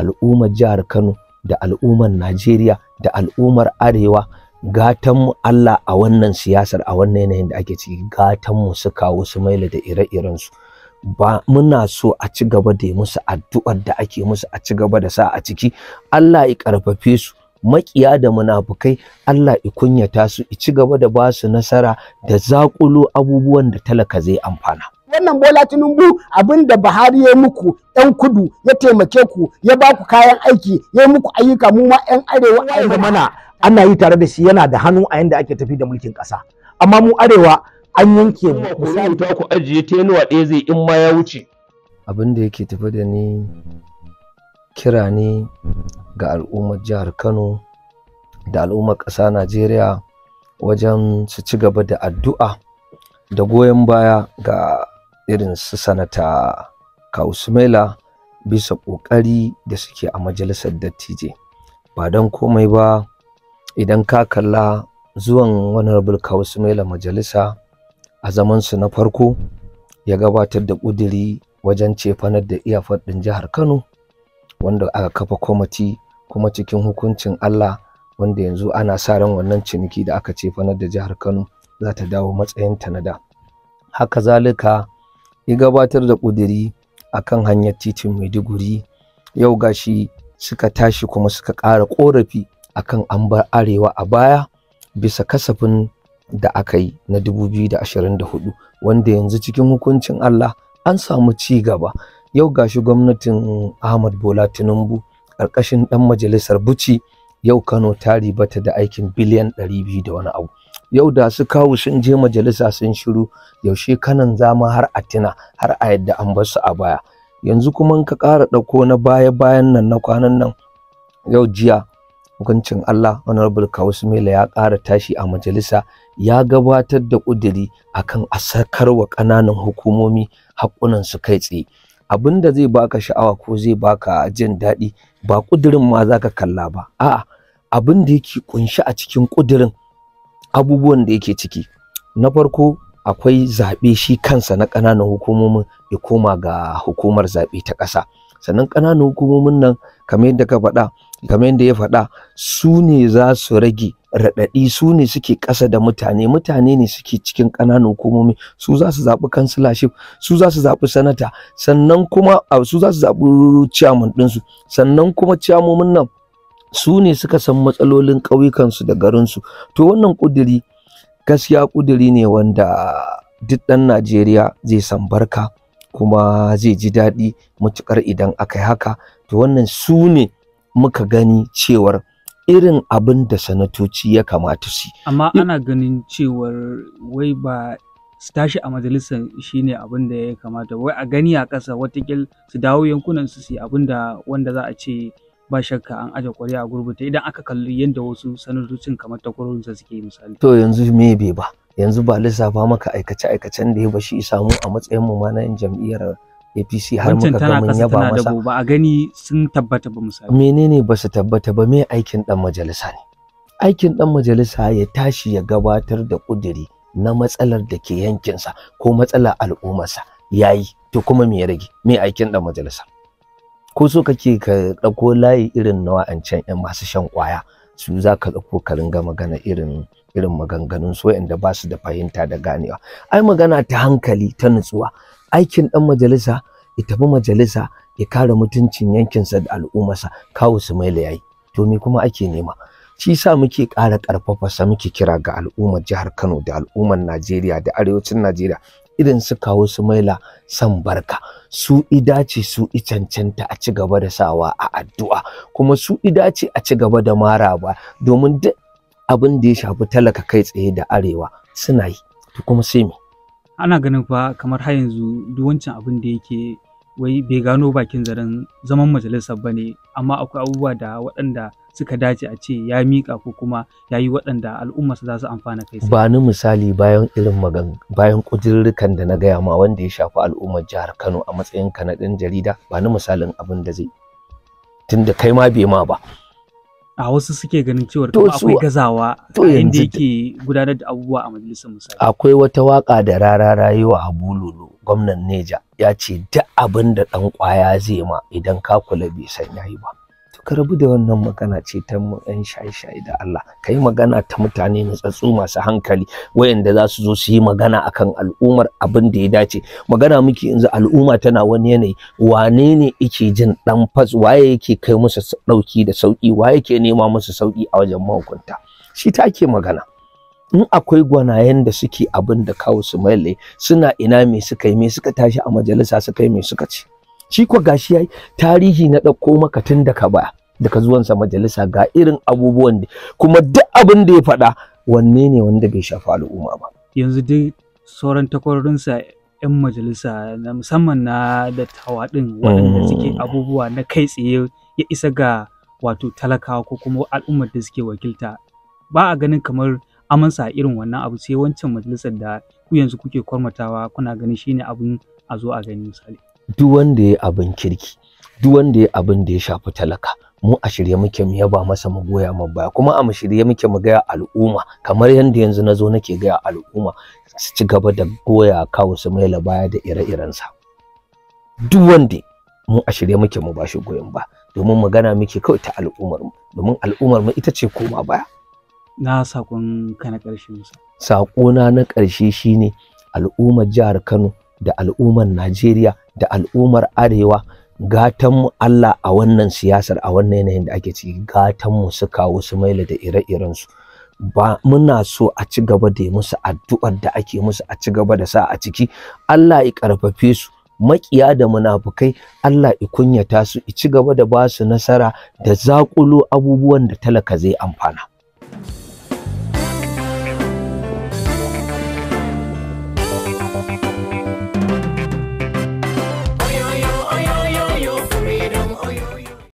al'ummar jihar Kano da al'ummar Najeriya da al'ummar Arewa gatanmu Allah a wannan siyasar a wannan yanayin da ake ciki gatanmu su kawo su maila da ire iren su, ba muna so a ci gaba da musu addu'ar da ake musu a ci gaba da sa a ciki Allah ya karfafe su makiya da munafukai Allah ya kunyata su i ci gaba da ba su nasara da zakulo abubuwan da talaka zai amfana wannan bola tinubu abin da buhari ya muku yan kudu ya taimake ku ya ba ku kayan aiki ya muku ayyuka mu ma yan arewa a mana ana yi tare da shi yana da hannu a yanda ake tafi da mulkin kasa amma mu arewa an yanke mu ta ku ajiye tenuwa ɗaya zai in ma ya wuce abin da yake tafi da ni kira ne ga al'ummar jihar Kano da al'ummar ƙasa Najeriya wajen su ci gaba da addu'a da goyon baya ga irin su sanata kausmela bisa ƙoƙari da suke a majalisar dattijai ba don komai ba idan ka kalla zuwan honorable kausmela majalisa a su na farko ya gabatar da ƙudiri wajen cefanar da iyafar ɗin jihar Kano wanda aka kafa kwamiti kuma cikin hukuncin Allah wanda yanzu ana sa ran wannan ciniki da aka cefanar da jihar Kano za ta dawo matsayinta na da haka zalika ya gabatar da ƙudiri a kan hanyar titin maiduguri yau gashi suka tashi kuma suka ƙara ƙorafi a kan an arewa a baya bisa kasafin da aka yi na 2024 wanda yanzu cikin hukuncin allah an samu ci gaba yau gashi gwamnatin ahmad bola tinubu ƙarƙashin ɗan majalisar buci yau kano ta ribata da aikin biliyan 200 da wani abu yau da su kawo sun je majalisa sun shiru yaushe kanan zama har a tina har a yadda an bar a baya yanzu kuma ka ƙara ɗauko na baya bayan nan na kwanan nan yau jiya hukuncin Allah honorable Kawus Mela ya ƙara tashi a majalisa ya gabatar da ƙudiri akan a sakarwa ƙananan hukumomi haƙunan su kai tsaye abin da zai baka sha'awa ko zai baka jin daɗi ba ƙudirin ma zaka kalla ba a'a abin da yake kunshi a cikin ƙudirin abubuwan da yake ciki na farko akwai zaɓe shi kansa na ƙananan hukumomin ya koma ga hukumar zaɓe ta ƙasa sannan ƙananan hukumomin nan kamar yadda ka faɗa kamar yadda ya faɗa su ne za su rage raɗaɗi su ne suke ƙasa da mutane mutane ne suke cikin ƙananan hukumomi su za su zaɓi kansilaship su za su zaɓi sanata sannan kuma su za su zaɓi ciyaman ɗinsu sannan kuma ciyamomin nan su ne suka san matsalolin ƙauyukansu da garin su. to wannan ƙuduri gaskiya ƙuduri ne wanda duk ɗan najeriya zai san barka kuma zai ji daɗi matuƙar idan aka yi haka to wannan su ne muka gani cewar irin abin da sanatoci ya kamata su amma ana ganin cewar wai ba su tashi a majalisar shine abin da ya kamata wai a gani a ƙasa watakil su dawo yankunan su su abin wanda za a ce ba shakka an aje ƙwarya a gurbata idan aka kalli yadda wasu sanatocin kamar ta sa suke misali. To yanzu me be ba yanzu ba lissafa maka aikace-aikacen da ya ba shi samu a matsayin mu ma na jam'iyyar APC har muka ga mun yaba masa. Wancan ba a gani sun tabbata ba misali. Menene ba su tabbata ba me aikin dan majalisa ne. Aikin dan majalisa ya tashi ya gabatar da ƙudiri na matsalar da ke yankinsa ko matsalar al'ummarsa yayi to kuma me ya rage me aikin dan majalisa. ko so kake ka ɗauko layi irin na wa'ancan 'yan masu shan ƙwaya su za ka ɗauko ka ringa magana irin irin maganganun su wa'anda ba su da fahimta da ganewa ai magana ta hankali ta nutsuwa aikin ɗan majalisa ya tafi majalisa ya kare mutuncin yankinsa da al'ummarsa kawo su maila yayi to me kuma ake nema shi sa muke ƙara ƙarfafa sa muke kira ga al'ummar jihar Kano da al'ummar Najeriya da arewacin Najeriya irin su kawo su maila san barka su idace su cancanta a ci gaba da sawa a addu'a kuma su idace a ci gaba da mara ba domin duk abin da ya shafi talaka kai tsaye da arewa suna yi to kuma sai me ana ganin fa kamar har yanzu duk wancan abin da yake wai bai gano bakin zaren zaman majalisar ba ne amma akwai abubuwa da waɗanda suka dace a ce ya mika ko kuma ya yi waɗanda al'ummarsa za su amfana kai ba ni misali bayan irin magan bayan ƙudurrukan da na gaya ma wanda ya shafi al'ummar jihar Kano a matsayin ka na ɗan jarida ba ni misalin abin da zai tunda kai ma bai ma ba a wasu suke ganin cewar kuma akwai gazawa a yanda yake gudanar da abubuwa a majalisar musali akwai wata waka da rara rayuwa a bululu gwamnan neja ya ce duk abin da dan kwaya zai ma idan ka kula bai san yayi ba to da wannan magana ce ta yan shaye-shaye da Allah ka yi magana ta mutane natsatsu masu hankali wayanda za su zo su yi magana akan al'ummar abin da ya dace magana muke yanzu al'umma tana wani yanayi wane ne yake jin ɗan fas waye yake kai musu ɗauki da sauki waye yake nema musu sauki a wajen mahukunta shi take magana in akwai gwanayen da suke abin da kawo su suna ina me suka yi me suka tashi a majalisa suka yi me suka ce shi ko gashi yayi tarihi na dauko maka tun daga ba daga zuwansa majalisa ga irin abubuwan da kuma duk abin da ya faɗa wanne ne wanda bai shafa al'umma ba yanzu dai sauran takwarorinsa 'yan majalisa na musamman na dattawa din waɗanda mm. suke abubuwa na kai tsaye ya isa ga wato talakawa ko kuma al'ummar da suke wakilta ba a ganin kamar amansa irin wannan abu sai wancan majalisar da ku yanzu kuke kwarmatawa kuna ganin shine abun a zo a gani misali duk wanda ya abin kirki duk wanda ya abin da ya shafi talaka mu a shirye muke mu yaba masa mu goya mu baya kuma a mu shirye muke mu gaya al'umma kamar yanda yanzu nazo nake gaya al'umma su ci gaba da goya kawo su mai baya da ire-irensa duk wanda mu a shirye muke mu bashi goyon ba domin magana muke kawai ta al'ummar mu domin al'ummar mu ita ce koma baya na sakon ka na ƙarshe sako na na ƙarshe shine al'ummar jihar Kano da al'ummar Najeriya da al'ummar Arewa gatanmu Allah a wannan siyasar a wannan yanayin da ake ciki gatanmu su kawo su maila da ire-irensu ba muna so a ci gaba da yi musu addu'ar da ake musu a ci gaba da sa a ciki Allah ya karfafe su makiya da munafukai Allah ya kunyata su i ci gaba da ba su nasara da zaƙulo abubuwan da talaka zai amfana